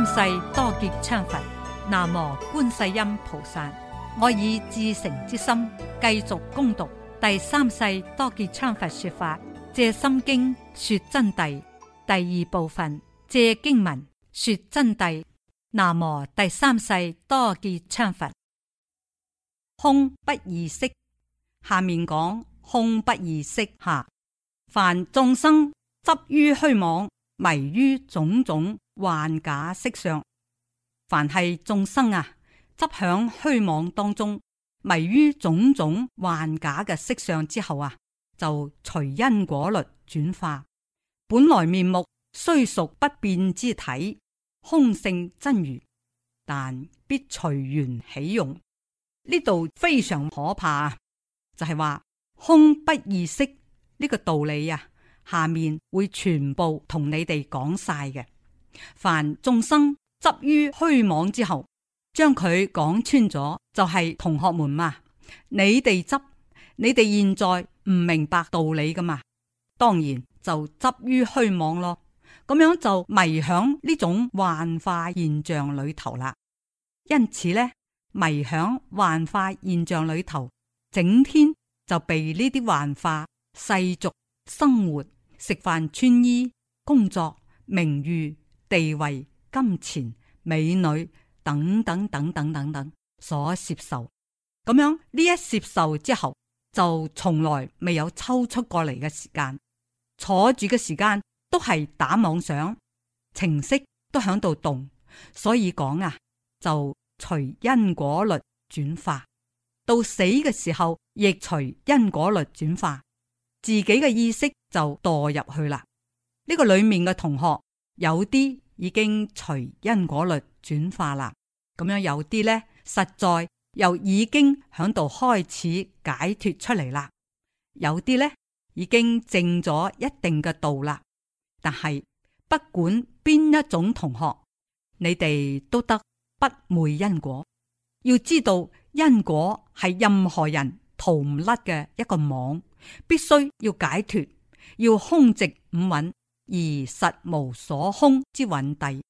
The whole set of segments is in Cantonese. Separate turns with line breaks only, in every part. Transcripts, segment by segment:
三世多杰羌佛，南無觀世音菩薩。我以至誠之心，繼續恭讀第三世多杰羌佛說法《藉心經》說真諦第二部分《藉經文說真諦》，南無第三世多杰羌佛。空不異色，下面講空不異色下，凡眾生執於虛妄，迷於種種。幻假色相，凡係眾生啊，執響虛妄當中，迷於種種幻假嘅色相之後啊，就隨因果律轉化。本來面目雖屬不變之體，空性真如，但必隨緣起用。呢度非常可怕，啊，就係，是，話空不異色呢個道理啊。下面會全部同你哋講晒嘅。凡眾生執於虛妄之後，將佢講穿咗，就係、是、同學們嘛。你哋執，你哋現在唔明白道理㗎嘛？當然就執於虛妄咯。咁樣就迷響呢種幻化現象裏頭啦。因此呢，迷響幻化現象裏頭，整天就被呢啲幻化世俗生活、食飯、穿衣、工作、名譽。地位、金錢、美女等等等等等等所攝受，咁樣呢一攝受之後，就從來未有抽出過嚟嘅時間，坐住嘅時間都係打妄想，情識都喺度動，所以講啊，就隨因果律轉化，到死嘅時候亦隨因果律轉化，自己嘅意識就墮入去啦。呢、這個裏面嘅同學。有啲已經隨因果律轉化啦，咁樣有啲呢實在又已經響度開始解脱出嚟啦，有啲呢已經正咗一定嘅度啦。但係不管邊一種同學，你哋都得不昧因果，要知道因果係任何人逃唔甩嘅一個網，必須要解脫，要空寂五蘊。而實無所空之蘊蒂，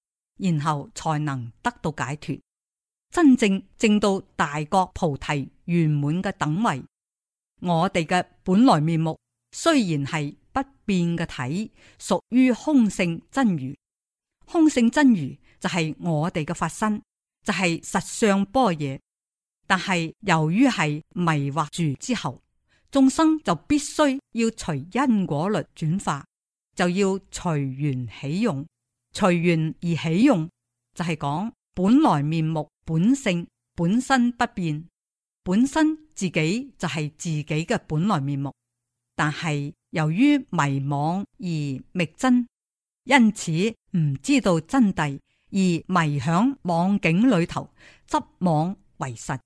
然後才能得到解脫，真正證到大覺菩提圓滿嘅等位。我哋嘅本來面目雖然係不變嘅體，屬於空性真如，空性真如就係我哋嘅法身，就係、是、實相般若。但係由於係迷惑住之後，眾生就必須要隨因果律轉化。就要隨緣起用，隨緣而起用，就係、是、講本來面目、本性、本身不變，本身自己就係自己嘅本來面目。但係由於迷惘而覓真，因此唔知道真諦而迷響網境裏頭，執網為實。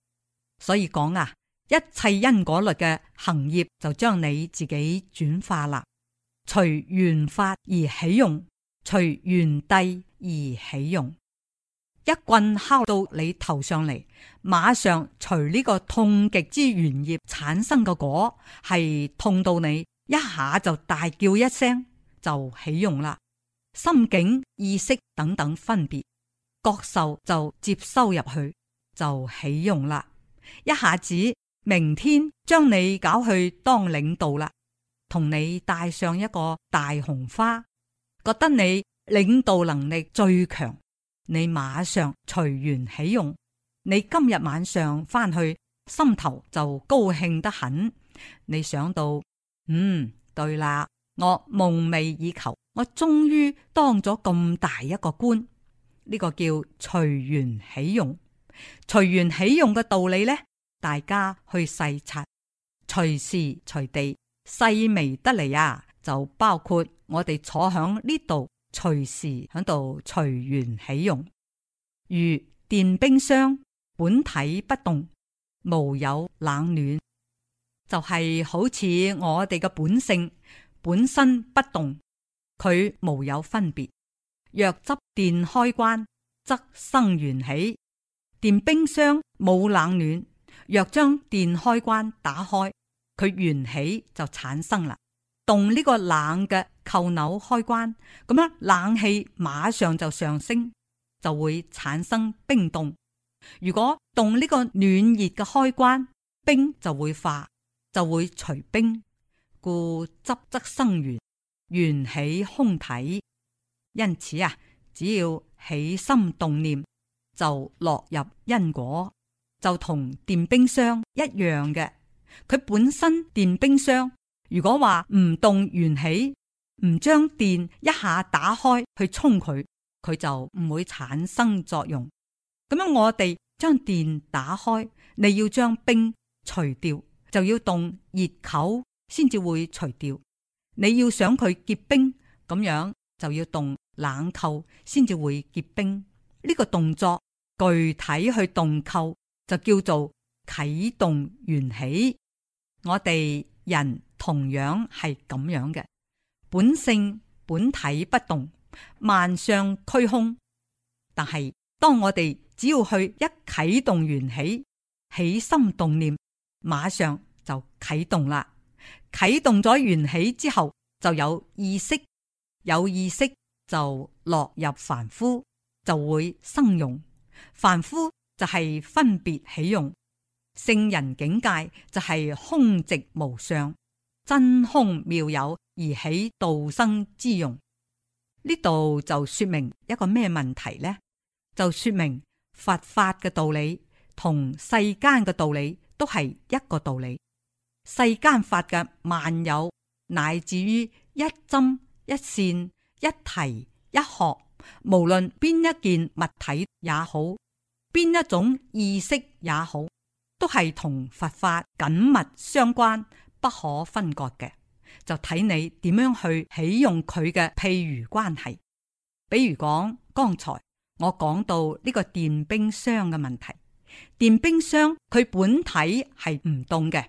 所以講啊，一切因果律嘅行業就將你自己轉化啦。隨緣法而起用，隨緣地而起用。一棍敲到你頭上嚟，馬上隨呢個痛極之原業產生個果，係痛到你一下就大叫一聲就起用啦。心境、意識等等分別，覺受就接收入去就起用啦。一下子，明天將你搞去當領導啦。同你戴上一個大紅花，覺得你領導能力最強，你馬上隨緣起用。你今日晚上翻去，心頭就高興得很。你想到，嗯對啦，我夢寐以求，我終於當咗咁大一個官，呢、呢個叫隨緣起用。隨緣起用嘅道理呢，大家去細察，隨時隨地。細微得嚟！啊，就包括我哋坐響呢度，隨時響度隨緣起用。如電冰箱本體不動，無有冷暖，就係、是、好似我哋嘅本性本身不動，佢無有分別。若執電開關，則生緣起。電冰箱冇冷暖，若將電開關打開。佢緣起就產生啦，動呢個冷嘅扣鈕開關，咁樣，冷氣馬上就上升，就會產生冰凍。如果動呢個暖熱嘅開關，冰就會化，就會除冰。故執則生緣，緣起空體。因此啊，只要起心動念，就落入因果，就同電冰箱一樣嘅。佢本身電冰箱，如果話唔動緣起，唔將電一下打開去沖佢，佢就唔會產生作用。咁樣我哋將電打開，你要將冰除掉，就要凍熱扣先至會除掉。你要想佢結冰咁樣，就要凍冷扣先至會結冰。呢、這個動作具體去凍扣，就叫做啟動緣起。我哋人同樣係咁樣嘅，本性本體不動，萬相虛空。但係當我哋只要去一啟動緣起，起心動念，馬上就啟動啦。啟動咗緣起之後，就有意識，有意識就落入凡夫，就會生用。凡夫就係分別起用。聖人境界就係空寂無相，真空妙有而起度生之用。呢度就說明一個咩問題呢？就說明佛法嘅道理同世間嘅道理都係一個道理。世間法嘅萬有，乃至於一針一線、一提一學，無論邊一件物體也好，邊一種意識也好。都係同佛法緊密相關，不可分割嘅。就睇你點樣去啟用佢嘅譬如關係，比如講剛才我講到呢個電冰箱嘅問題，電冰箱佢本體係唔凍嘅，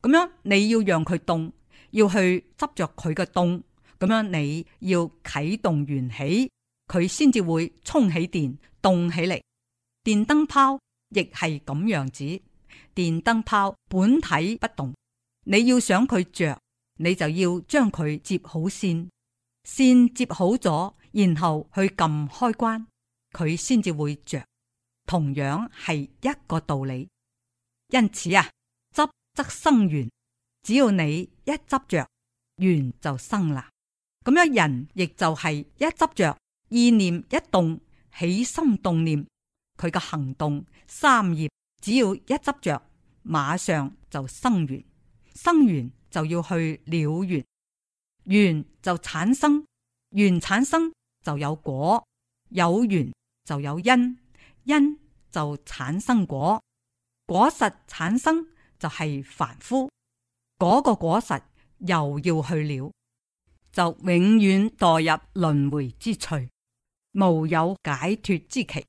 咁樣你要讓佢凍，要去執着佢嘅凍，咁樣你要啟動緣起，佢先至會充起電，凍起嚟。電燈泡亦係咁樣子。電燈泡本體不動，你要想佢着，你就要將佢接好線，線接好咗，然後去撳開關，佢先至會着。同樣係一個道理。因此啊，執則生緣，只要你一執着，緣就生啦。咁樣人亦就係一執着，意念一動，起心動念，佢嘅行動三業。只要一執着，馬上就生緣。生緣就要去了緣，緣就產生緣，產生就有果，有緣就有因，因就產生果，果實產生就係凡夫，嗰個果實又要去了，就永遠墮入輪回之趣，無有解脫之期。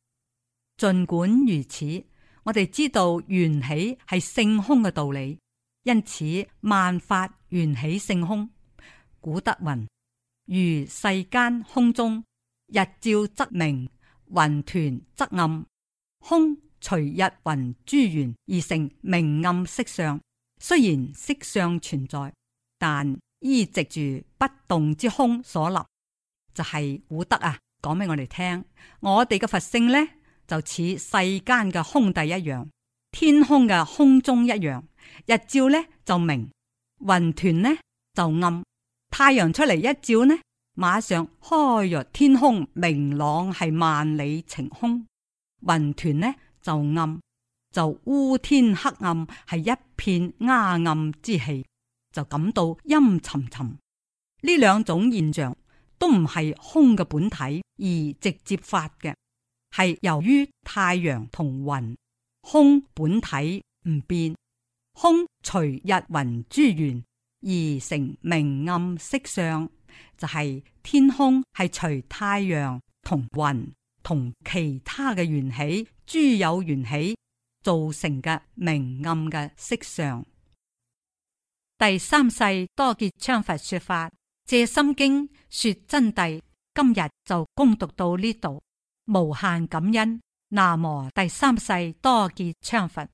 盡管如此。我哋知道緣起係性空嘅道理，因此萬法緣起性空。古德云：如世間空中，日照則明，雲團則暗。空隨日雲諸緣而成明暗色相，雖然色相存在，但依藉住不動之空所立，就係、是、古德啊，講俾我哋聽，我哋嘅佛性呢？就似世間嘅空地一樣，天空嘅空中一樣，日照呢就明，雲團呢就暗。太陽出嚟一照呢，馬上開若天空明朗，係萬里晴空；雲團呢就暗，就烏天黑暗，係一片陰暗之氣，就感到陰沉沉。呢兩種現象都唔係空嘅本體而直接發嘅。係由於太陽同雲空本體唔變，空隨日雲諸緣而成明暗色相，就係、是、天空係隨太陽同雲同其他嘅緣起諸有緣起造成嘅明暗嘅色相。第三世多杰羌佛說法《借心經》說真諦，今日就攻讀到呢度。無限感恩，南無第三世多杰羌佛。